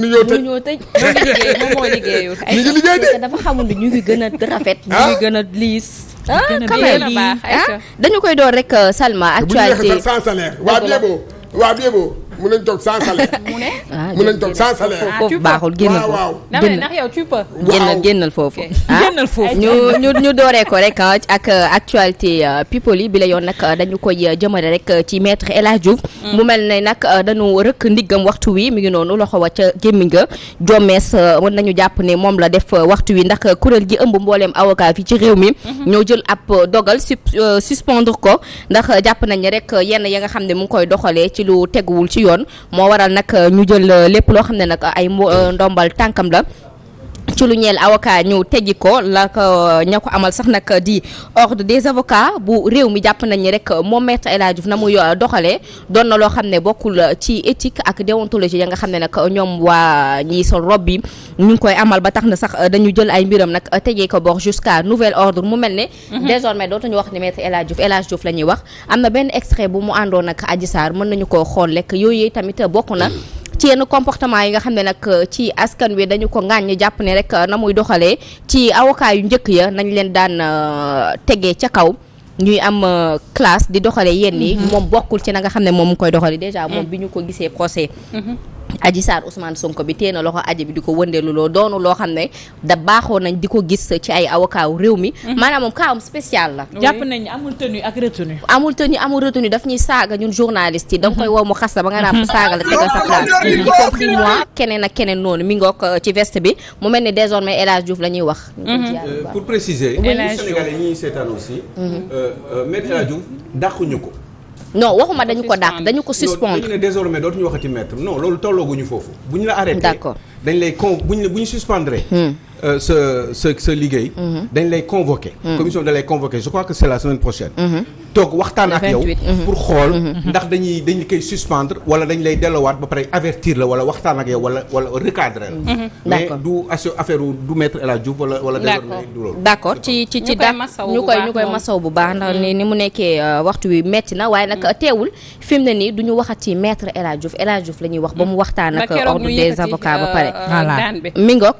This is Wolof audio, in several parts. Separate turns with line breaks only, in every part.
ñu ñëw tëj ñoo
tëj moom liggéey moom ñu dafa xamul ñu ngi gën a rafet. ñu ngi ah.
gën a liis. ah, ah quand même ah,
dañu koy door rek euh, Salma actualité bu ñu waxee
sax sans waa Biébo mun nañ toog sans salaire. mu ne ah, mun nañ toog sans foofu ah, baaxul génnal foofu waaw waaw. dama ne
ndax génnal
foofu.
Ah, génnal foofu ñu
ñu dooree ko rek ak euh, actualité euh, people yi bi la yoon nag euh, dañu koy jëmale rek ci maître El mm. mu mel ne nag dañu rëkk ndiggam waxtu wi mi ngi noonu loxo wa ca gémmiñ ga jommees mën nañu jàpp ne moom la def waxtu wi ndax kuréel gi ëmb mbooleem avocat ci réew mi. Mm-hmm. ñoo jël ab dogal suspendre ko ndax jàpp nañ rek yenn ya nga xam ne mu ngi koy doxalee ci yoon moo waral nag euh, ñu jël euh, lépp loo xam ne nag ay euh, ndombal tànkam la ci lu ñeel avocat ñu teggi ko la ko euh, ña ko amal sax nag di ordre des avocats bu réew mi jàpp nañ ni rek moom maître El Hadji Diouf na muy euh, doxalee doon loo xam ne bokkul euh, ci éthique ak déontologie ya nga xam ne nag ñoom waa ñiy sol rob bi ñu ngi koy amal ba tax na sax dañu jël ay mbiram nag tegee ko bor jusqu'à nouvel ordre mu mel ne mhm. désormais dootuñu wax ni El Hadji Diouf El Hadji la ñuy wax am na benn extrait bu mu àndoon ak Adji Sarr mën nañu koo xool lekk yooyu tamit bokk na ci yenn comportement yi nga xam ne nag euh, ci askan wi dañu ko ŋàññ jàpp ne rek euh, na muy doxalee ci avocat yu njëkk ya nañ leen daan euh, tegee ca kaw ñuy am classe di doxalee yenn yi mm-hmm. moom bokkul ci na nga xam ne moom mu koy doxalee déjà moom mm. bi ñu ko gisee procès mm-hmm. Adji Sarr Ousmane Sonko bi téye na loxo aji bi di ko loo doonu loo xam ne da baaxoo nañ di ko gis ci ay avocat wu réew mi. Mhm. maanaam moom kaawam spécial la. jàpp
nañ ne amul tenue ak retenue.
amul tenue amul retenue daf ñuy saaga ñun journaliste yi. da nga koy mhm. woo mu xas la ba nga naan saaga la tegal sa place. y compris keneen ak keneen noonu mi euh, bi mu mel ni désormais El Hadj Diouf la ñuy wax. Mhm.
Euh, pour préciser. El Hadj Diouf seetaan aussi. Me euh, El ko.
non waxuma dañu ko dàq dañu ko suspendre
dañu ne dootuñu waxati maître non loolu tollooguñu foofu ñu la bu ñu la bu ñu sa sa sa liggéey. Mhm. dañ lay convoqué. Mhm. commission dañ lay convoqué je crois que c'est la semaine prochaine. Mhm. toog waxtaan ak yow. pour xool ndax dañuy dañ koy suspendre wala dañ lay dellowaat ba pare avertir la wala waxtaan ak yow wala wala recadrer la. mais du affaire du maître El Hadj Diouf wala wala.
d'accord ci ci ci ñu koy ñu koy masaw bu baax ndax ni ni mu nekkee euh, waxtu wi metti na waaye nag teewul fi mu ne nii du ñu waxati maître El Hadj Diouf El Hadj la ñuy wax ba mu waxtaan ak ordre des avocats ba euh, pare. voilà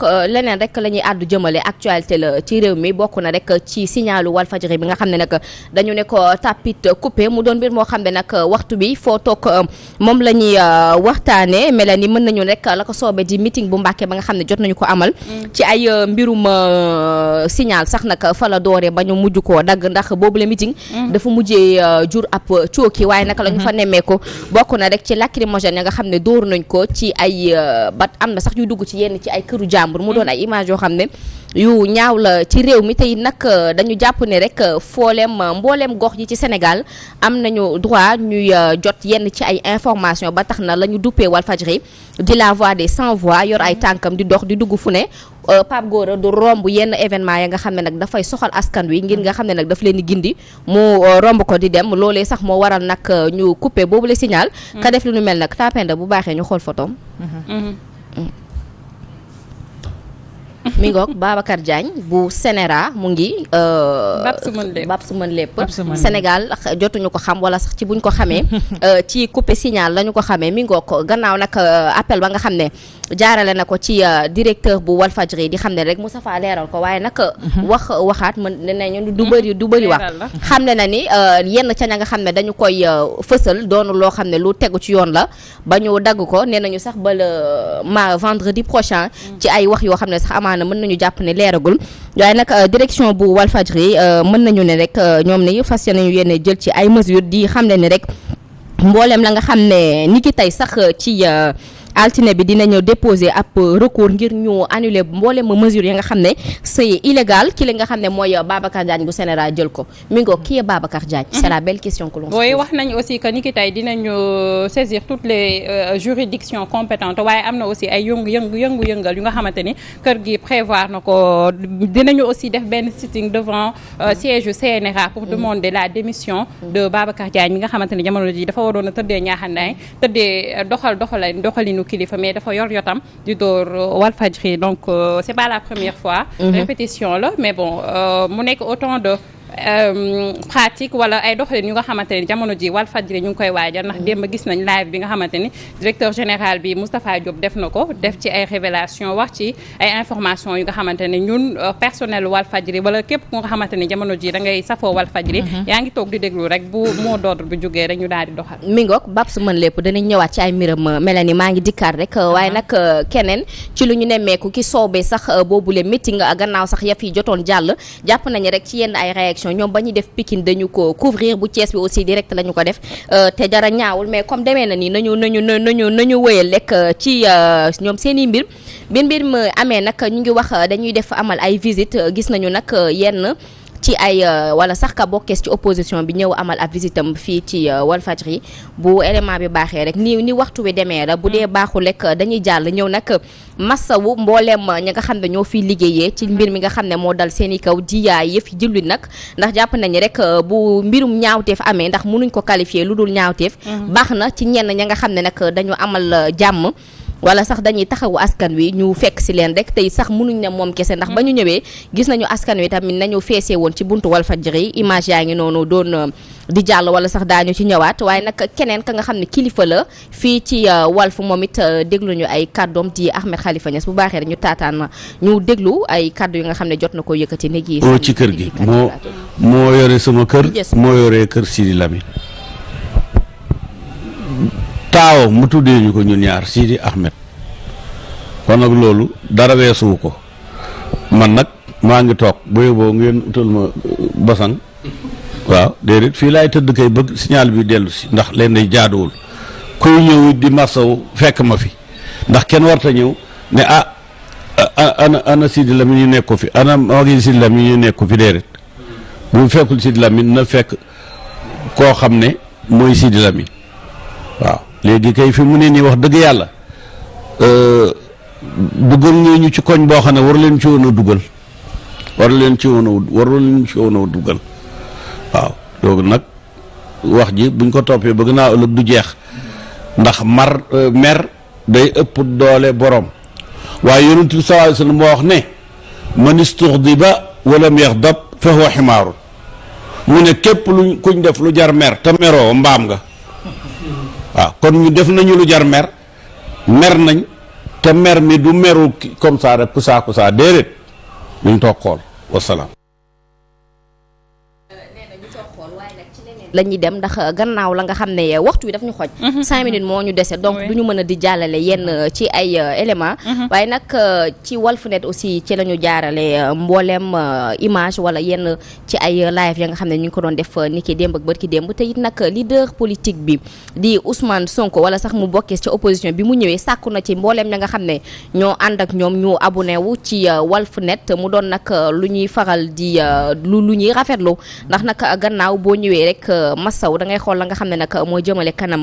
euh, leneen la ñuy àddu jëmale actualité la ci réew mi bokk na rek ci signalu Walfadjri bi nga xam ne nag dañu ne ko tapit coupé mu doon mbir moo xam ne nag waxtu bi foo toog euh, moom la ñuy euh, waxtaane mel ni mën nañu rek la ko soobee di meeting bu Mbàkke ba nga xam ne jot nañu ko amal mm. ci ay euh, mbirum signal sax nag fa la dooree ba ñu mujj koo dagg ndax boobu la meeting mm. dafa mujjee jur ab cooki waaye naka la ñu fa mm-hmm. nemmee ko bokk na rek ci lacrymogène ya nga xam ne dóor nañ ko ci ay bat am sax yu dugg yoo xam ne yu ñaaw la ci réew mi tey nag euh, dañu jàpp ne rek fooleem euh, mbooleem euh, gox yi ci Sénégal am nañu droit ñuy jot yenn ci ay information ba tax na la ñu duppee Walfadjri di la voix des sans yor ay mm-hmm. tànkam di dox di dugg fu ne Pape Gora du romb yenn événement ya nga xam ne nag dafay soxal askan wi ngir nga xam ne nag daf leen di gindi mu romb ko di dem loolee sax moo waral nag ñu coupé boobu la signal. Mm-hmm. ka def lu nu mel nag tapenda bu baaxee ñu xool photom mi ngoog Babacar Diagne bu Sénéra mu ngi. Euh, Bab su mën lépp Bab su mën jotuñu ko xam wala sax ci buñ ko xamee. Euh, ci coupé signal lañu ko xamee mi ngoog gannaaw nag euh, appel ba nga xam ne. jaarale na ko ci euh, directeur bu Walfadjri di xam ne rek Moustapha leeral ko waaye nag mhm. wax waxaat mën nañu du bëri du bëri wax xam ne na ni euh, yenn ca ña nga xam ne dañu koy euh, fësal doonu loo xam ne lu tegu ci yoon la ba ñu dagg ko nee nañu sax ba le ma vendredi prochain mm. ci ay wax yoo xam ne sax amaana mën nañu jàpp ne leeragul waaye nag direction bu Walfadjri mën nañu ne rek ñoom ne fas nañu yéene jël ci ay mesures di xam ne ni rek mbooleem la nga xam ne ni ki tey sax ci altine bi dinañu déposer ab recours ngir ñu annuler ma mesure yi nga xam ne c'est illégal ki li nga xam ne mooy Babacar Diagne bu Sénégal jël ko mi ngoo kii Babacar Diagne c'est la belle question que l'on se wax
nañ aussi que ni ki tey dinañu euh, saisir toutes les euh, juridictions compétentes waaye am na aussi ay yëngu yëngu yëngu-yëngal yu nga xamante ni kër gi prévoir na ko dinañu aussi def benn sitting devant euh, siège CNRA pour mm. demander la démission mm. de Babacar Diagne mi nga xamante ni jamono ji dafa waroon a tëddee ñaaxandaay tëddee doxal doxal doxalinu kilifa mais dafa yor yotam di door euh, Walfadjri donc euh, c'est pas la première fois. Mm-hmm. répétition la mais bon euh, mu nekk autant de. Ehm, pratique wala ay doxalin yu nga xamante ni jamono ji Walfadjri ñu ngi koy waajal ndax démb gis nañ live bi nga xamante ni directeur général bi Moustapha Diop def na ko def ci ay révélation wax ci ay information yu xamante ne ñun euh, personnel Walfadjri wala képp ku nga xamante ni jamono ji da ngay safoo Walfadjri mhm. yaa ngi toog di déglu rek bu mot d'ordre bu jógee rek ñu daal di doxal
mi ngoog bab su mën lépp danañ ñëwaat ci ay mbiram euh, Mélanie maa ngi dikkaat rek euh, waaye nag keneen ci lu ñu nemmeeku ki soobee sax boobu boobule a gannaaw sax ya fi jotoon jàll jàpp nañu rek ci yenn ay élection ñoom ba ñu def Pikine dañu ko couvrir bu Thiès bi aussi direct la ko def euh, te dara ñaawul mais comme demee na ni nañu nañu nañu nañu wëyal lekk euh, ci euh, ñoom seen i mbir bi mbir mi amee nag ñu ngi wax dañuy def amal ay visite gis nañu nag yenn ci ay euh, wala sax ka bokkees ci opposition bi ñëw amal ab visitam fii ci euh, Walfadjri bu élément bi baaxee rek ni ni waxtu wi demee la bu dee baaxul lekk dañuy jàll ñëw nag massawu mbooleem ñi nga xam ne ñoo fiy liggéeyee ci mbir mi nga xam ne moo dal seen i kaw ji yaay yëf julli nag ndax jàpp nañu rek euh, bu mbirum ñaawteef amee ndax mënuñ ko qualifier lu dul ñaawteef mm-hmm. baax na ci ñenn ña nga xam ne nag dañu amal jàmm wala sax dañuy taxawu askan wi ñu fekk si leen rek tey sax mënuñ ne moom kese ndax ba ñu ñëwee gis nañu askan wi tamit nañu feesee woon ci buntu Walfadjri image yaa ngi noonu doon euh, di jàll wala sax daañu ci ñëwaat waaye nag keneen ka nga xam ne kilifa la fii ci euh, Walf moom it euh, déglu ñu ay kàddoom di Ahmed xalifa Niass bu baaxee rek ñu taataan ma ñu déglu ay kàddu yi nga xam ne jot na ko yëkkati néeg yi ci kër
gi moo moo yore sama kër moo yore kër Sidi taaw mu tuddee ñu ko ñun ñaar siidi Ahmed kon nag loolu dara weesuwu ko man nag maa ngi toog bu yóbboo ngeen utal ma uh, basan waaw déedéet fii laay tëdd kay bëgg signal bi dellu si ndax leen day jaaduwul kuy ñëw di masaw fekk ma fi ndax kenn warta ñëw ne ah ana ana Sidi Lamine ñu nekku fi ana magi Sidi Lamine ñu nekku fi déedéet bu fekkul Sidi Lamine na fekk koo xam ne mooy Sidi Lamine waaw léegi kay fi mu ne nii wax dëgg yàlla euh, dugal nga ñu ci koñ boo xam ne war leen ci woon a dugal war leen ci woon a war leen ci woon a dugal waaw donc nag wax ji buñ ko toppee bëgg naa ëllëg du jeex ndax mar euh, mer day ëpp doole boroom waaye yonent bi sallallahu moo wax ne man ba walam yaxdab fa huwa ximaaru mu ne képp lu kuñ def lu jar mer te meroo mbaam nga waaw kon ñu def nañu lu jar mer mer nañ te mer mi du meru comme ça rek kusaa kusaa déedéet ñu toog xool wasalaam
la ñuy dem ndax euh, gannaaw la nga xam ne euh, waxtu wi daf ñu xoj mhm. cinq minutes moo ñu dese donc du ñu mën a di jàllale yenn euh, ci ay éléments mhm. waaye nag ci Walfnet aussi ci la ñu jaarale mbooleem image wala yenn ci ay live ya nga xam ne ñu ngi ko doon def ni ki démb ak ki démb te it nag leader politique bi di Ousmane Sonko wala sax mu bokkee ci opposition bi mu ñëwee sàkku na ci mbooleem ña nga xam ne ñoo ànd ak ñoom ñu abonné wu ci Walfnet mu doon nag lu ñuy faral di lu Euh, masaw da ngay xool la nga xam ne nag euh, moo jëmale kanam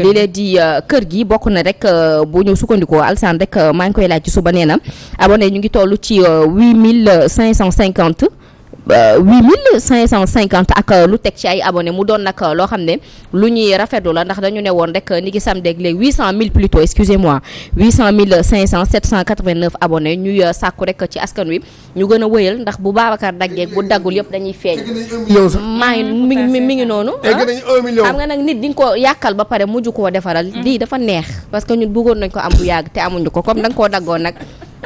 lii lee di euh, kër gi bokk na rek boo ñu sukkandikoo alsan rek maa ngi koy laaj ci suba nee na abonné ñu ngi toll ci huit mille cinq cent cinquante huit mille cinq cent cinquante ak euh, lu teg ci ay abone mu doon nag euh, loo xam ne lu ñuy rafetlu la ndax dañu ne woon rek euh, ni ngi samedi ak léegi huit cent mille plutôt excusez-moi huit cent mille cinq cent sept cent quatre vingt neuf abonné ñuy sàkku rek ci askan wi ñu gën a wëyal ndax bu Babacar daggee bu daggul yëpp dañuy feeñ maa ngi mi mi ngi noonu ah. xam nga nag nit di nga ko yàkkal ba pare mujj koo defaral mm. lii dafa neex parce que ñun bëggoon nañ ko am bu yàgg te amuñu ko comme da koo daggoon nag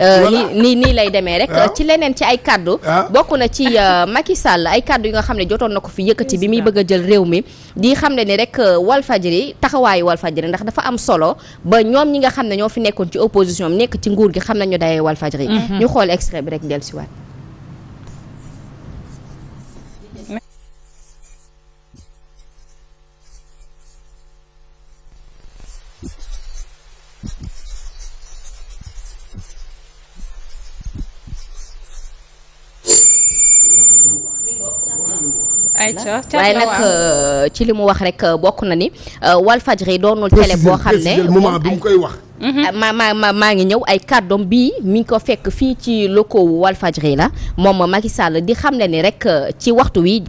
Euh, nii nii lay demee rek ah. ci leneen ci ay kaddu ah. bokk na ci euh, Macky Sall ay kaddu yi nga xam ne jotoon na ko fi yëkkati bi muy bëgg a jël réew mi di xam ne ni rek euh, Walfadjri taxawaayu Walfadjri ndax dafa am solo ba ñoom ñi nga xam ne ñoo fi nekkoon ci opposition nekk ci nguur gi xam nañu dayee Walfadjri mm-hmm. ñu xool extrait bi rek dellusiwaat accord waaye nag euh, ci li mu wax rek euh, bokk na ni euh, Walfadjri doonul télé boo xam ne moment bi mu koy wax maa mm-hmm. ah, maa ma maa ngi ñëw ay kàddoom bii mi ngi ko fekk fii ci locaux wu Walfadjri la moom Macky Sall di xamle ni rek euh, ci waxtu wi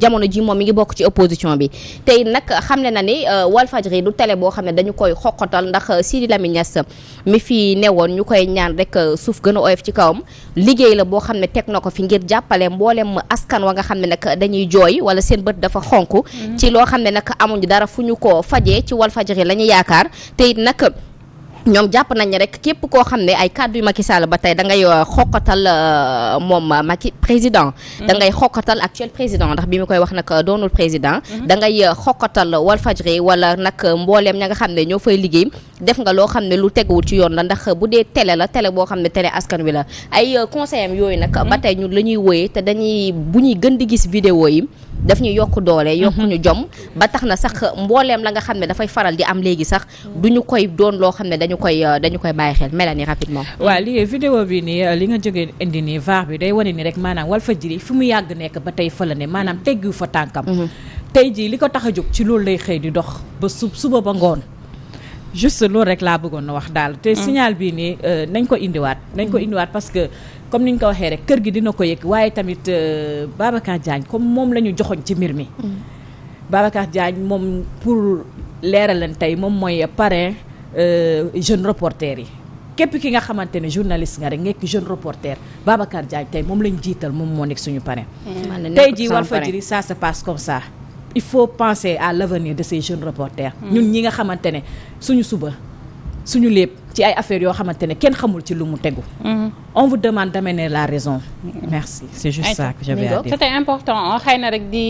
jamono ji moom mi ngi bokk ci opposition bi tey nag xamle na ni euh, Walfadjri du tele boo xam ne dañu koy xoqatal ndax euh, Sidi Lamine Niass mi fi newoon ñu koy ñaan rek suuf gën a oyof ci kawam liggéey la boo xam ne teg na ko fi ngir jàppale mboolem askan wa nga xam ne nag dañuy jooy wala seen bët dafa xonk mm-hmm. ci loo xam ne nag amuñu dara fu ñu ko fajee ci Walfadjri la ñu yaakaar ñoom jàpp nañ ne rek képp koo xam ne ay kàddu yu Macky Sall ba tey da ngay euh, xokkatal euh, moom Macky président. Mm-hmm. da ngay xokkatal actuel président ndax bi mu koy wax nag euh, doonul président. Mm-hmm. dangay da ngay xokkatal Walfadjri wala nag mbooleem ña nga xam ne ñoo fay liggéey def nga loo xam ne lu teguwul ci yoon la ndax bu dee télé la télé boo xam ne télé askan wi la ay conseil yooyu nag. Mm-hmm. ba tey ñun la ñuy wooyee te dañuy bu ñuy gën di gis vidéo yi. daf ñu yokk doole mhm. yokk ñu jom ba tax na sax mbooleem la nga xam ne dafay faral di am léegi sax du ñu koy doon loo xam ne dañu koy euh, dañu koy bàyyi xel Mélanie rapidement
waaw lii vidéo bi nii euh, li nga jógee indi nii VAR bi day wone nii rek maanaam wal fa Walfadjri fi mu yàgg nekk ba tey fëla ne maanaam teggu fa tànkam mhm. tey jii li ko tax a jóg ci loolu lay xëy di dox ba su suba ba ngoon juste loolu rek laa bëggoon na wax daal te mhm. signal bii nii euh, nañ ko indiwaat nañ ko indiwaat parce que comme ni ñu ko waxee rek kër gi dina ko yëg waaye tamit euh, Babacar Diagne comme moom la ñu joxoñ ci mbir mi. Mm. Babacar Diagne moom pour leeralan tey moom mooy parrain euh, jeune reporter yi. képp ki nga xamante ne journaliste nga rek nekk jeune reporter Babacar Diagne tey moom lañ jiital moom moo nekk suñu parrain.
Mm. tey jii Walfadjri
ça se passe comme ça. il faut penser à l' avenir de ces jeunes reporters. Mm. ñun ñi nga xamante ne suñu suba suñu lépp. ci ay affaires yoo xamante ne kenn xamul ci lu mu tegu. Mhm. on vous demande d'amener la raison. Mhm. merci c'est juste ça que j'avais à dire.
c'était na rek di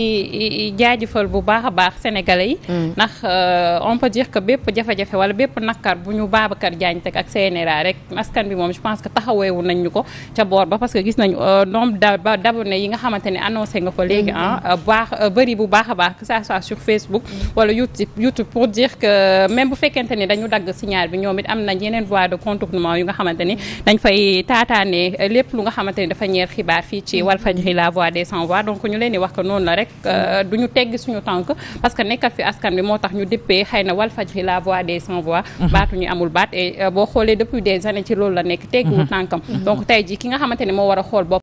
jaajëfal bu baax a baax sénégalais yi. Mhm. ndax euh, on peut dire que bépp jafe-jafe wala bépp nakar bu ñu Babacar Diagne teg ak CNRA rek askan bi moom je pense que taxaweewu nañ ñu ko ca boor ba parce que gis nañu euh, nombre d'abonnés yi nga xamante ne annoncé nga ko léegi ah baax bëri bu baax a baax que ça soit sur Facebook wala YouTube pour dire que même bu fekkente ni dañu dagg signal yeneen voie de contournement yu nga xamante ni dañ fay taataane lépp lu nga xamante dafa ñeer xibaar fii ci Walfadjri la voix des sans donc ñu leen wax que noonu la rek euh, du ñu suñu tànk parce que nekkal fi askan bi moo tax ñu déppee xëy na Walfadjri la voix de sans voix mhm. baatu ñu amul baat et euh, boo xoolee depuis des années ci loolu la nekk teggiwu mhm. tànkam mhm. donc tey ji ki nga xamante moo war xool bopp